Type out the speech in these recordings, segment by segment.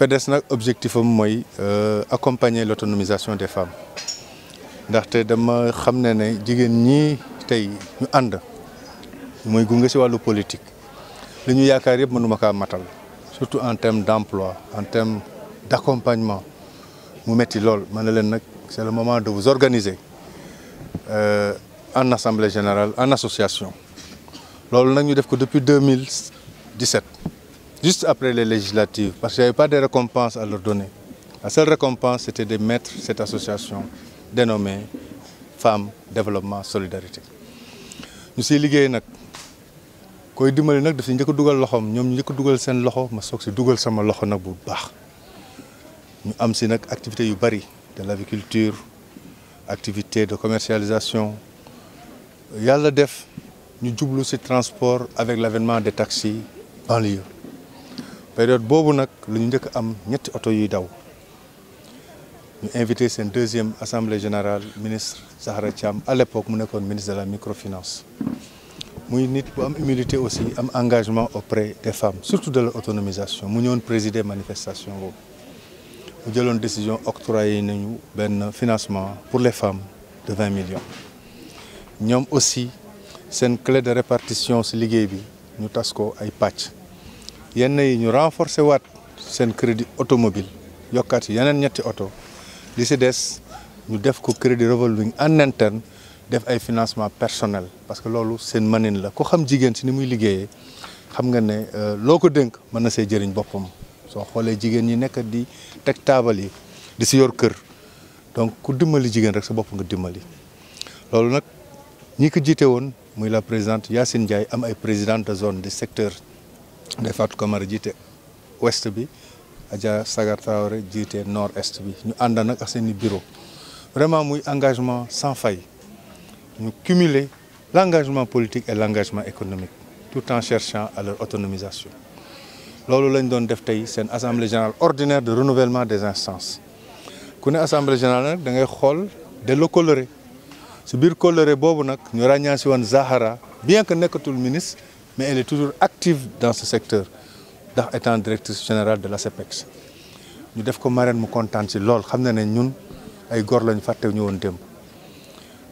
L'objectif de objectif am est euh, accompagner l'autonomisation des femmes ndaxte dama les ne sont en ñi de ñu ànd mooy gunge si wàllu politique li ñu yaakaar yëpp mënuma matal surtout en termes d'emploi, en termes d'accompagnement. nous mu metti le moment de vous organiser euh, en assemblée générale en association Nous avons ñu def depuis 2017 juste après les législatives, parce qu'il n'y avait pas de récompenses à leur donner. La seule récompense, c'était de mettre cette association dénommée Femmes, Développement, Solidarité. Nous sommes liggéey nag koy de l'agriculture activité de commercialisation Nous def ñu des transport avec l'avènement des taxis en lieu période bobu invité sen deuxième assemblée générale ministre Sahara Cham, à l'époque ministre de la microfinance muy nit bu am humilité aussi am engagement auprès des femmes surtout de l'autonomisation mu présidé présider manifestation Nous mu une décision d'octroyer nañu financement pour les femmes de 20 millions Nous avons aussi une clé de répartition ci liguey bi ñu tas ay yenn yi ñu renforcer wat sen crédit automobile yokkat si yeneen ñetti auto li ci dess ñu def ko crédit revolving en interne def ay financement personnel parce que lolu sen manin la ko xam jigen ci ni muy liggéey xam nga ne euh, loko ko man na sey jëriñ bopam so xolé jigen ñi nekk di tek table yi di ci yor kër donc ku dimbali jigen rek sa bop nga dimbali lolu nak ñi ko jité won muy la présidente Yassine Ndiaye am ay président zone de secteur Ndeye l'a Camara jiite ouest bi Adja Sagar Traoré nord est bi ñu ànd nag ak seeni bureau vraiment un engagement sans faille ñu cumuler l'engagement politique et l'engagement économique tout en cherchant à leur autonomisation que lañ doon def c'est une assemblée générale ordinaire de renouvellement des instances kune assemblée générale nag da ngay de delloo coloré nous bir coloré bobu nak ñu ràññaa won Zahara bien que nekkatul ministre mais elle est toujours active dans ce secteur étant directrice générale de la CEPEX Nous def ko marraine mu kontaan si lool xam na ne ñun ay góor lañu fàttew ñu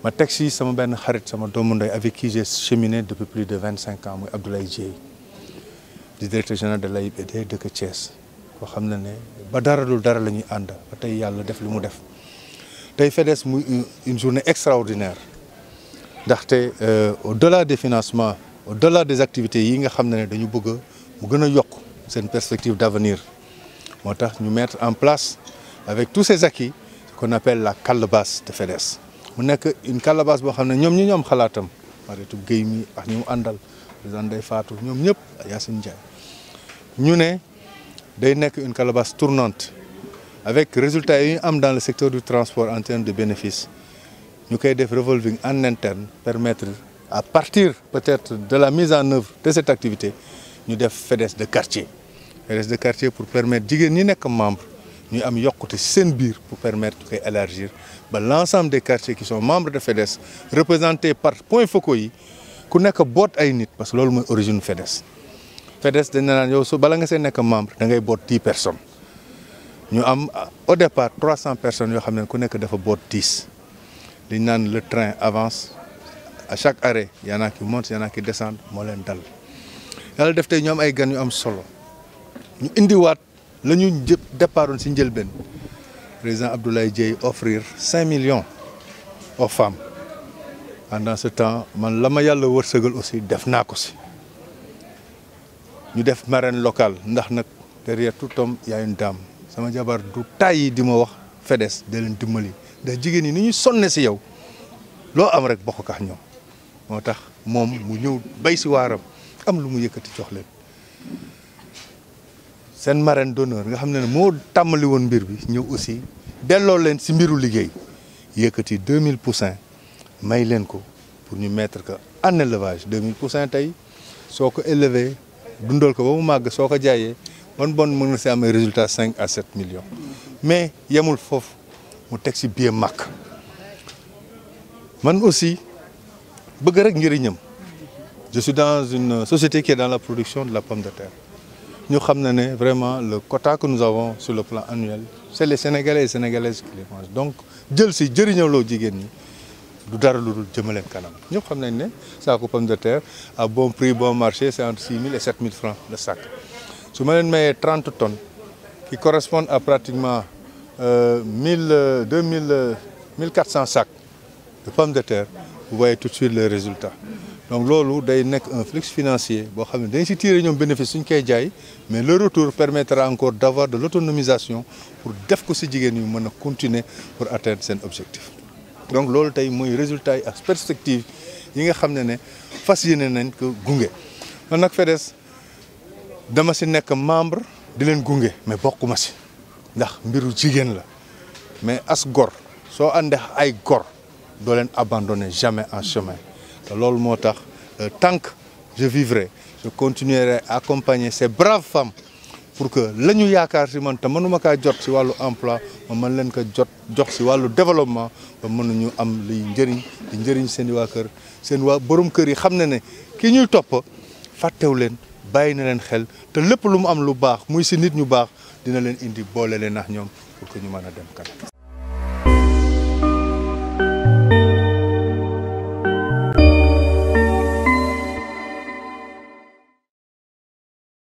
ma taxi, sama benn xarit avec qui j'ai cheminé depuis plus de 25 ans Abdoulaye Djei... Directrice directeur général de l'AIBD de Thiès koo xam na ne ba dara dul dara la ñuy ànd ba a def mu def une journée extraordinaire ndaxte euh, au-delà des financements au-delà des activités yi nous xam de nous, bëgg mu perspective d'avenir Nous mettons mettre en place avec tous ces acquis ce qu'on appelle la calabasse de FEDES Nous avons une calabasse qui nous une tournante avec résultats dans le secteur du transport en termes de bénéfices Nous avons def revolving en interne permettre à partir peut-être de la mise en œuvre de cette activité nous def FEDES de quartier FEDES de quartier pour permettre de ñi membres membres nous avons yokkute côté bir pour permettre d'élargir l'ensemble des quartiers qui sont membres de FEDES représentés par Point focaux qui ku nekk boot ay nit parce que c'est l'origine origine FEDES FEDES dañ avons yow membre da 10 personnes nous avons au départ 300 personnes qui ont ne ku le train avance à chaque arrêt il y en a qui montent il y en a qui descendent moo leen dal yàlla def tey ñu am ay gan yu am solo ñu indiwaat la ñu départoon si njëlbeen président Abdoulaye Dieye offrir 5 millions aux femmes pendant ce temps man la ma yàlla wërsëgal aussi def naa ko si ñu def marraine locale ndax nag derrière tout homme il y a une dame sama jabar du tàyyi di ma wax FEDES da leen dimbali ndax jigéen ñi ni ñu sonne si yow loo am rek bokk ak ñoom motax mom mu ñew bay si waaram am lu mu yëkëti jox leen sen marraine d'honneur nga xam ne moo tàmmali woon mbir bi ñew aussi delloo leen ci mbiru liggéey yëkëti 2000 poussins may leen ko pour ñu mettre ko en élevage 2000 poussins tay soko ko élevé dundal ko ba mu mag soko jaayé jaayee bon bon mën na am résultat 5 à 7 millions mais yamul fofu mu tek ci bien mak man aussi je suis dans une société qui est dans la production de la pomme de terre Nous savons vraiment le quota que nous avons sur le plan annuel c'est les sénégalais et les sénégalaises qui les mangent donc jël si jëriñaloo jigéen le du Nous lu kanam de pomme de terre à bon prix bon marché c'est entre 6 000 et 7 000 francs le sac su ma mets 30 tonnes qui correspondent à pratiquement euh, 1000 2000 1400 sacs de pommes de terre vous voyez tout de suite les résultats. donc loolu day un flux financier Nous xam dañ bénéfice suñ koy mais le retour permettra encore d'avoir de l'autonomisation pour def ko si continuer pour atteindre cet objectif donc loolu tey un résultat et ak perspective yi nga faire. ne ne fas yéene nañ ko gunge man nag FEDES dama si nekk membre di leen gunge mais bokkuma si ndax mbiru jigéen la mais as gor Je suis ay gor doo leen abandonner jamais en chemin te loolu moo euh, tant que je vivrai je continuerai à accompagner ces braves femmes pour que la ñu yaakaar si man te mënuma kaa jot si wàllu emploi ma mën leen ko jot jox si wàllu développement ba mënuñu am liy njëriñ di njëriñ seen i waa kër seen waa borom kër yi xam na ne ki ñuy topp fàttewu leen leen xel te lu mu am lu baax muy nit ñu baax dina leen indi boole leen pour que ñu mën a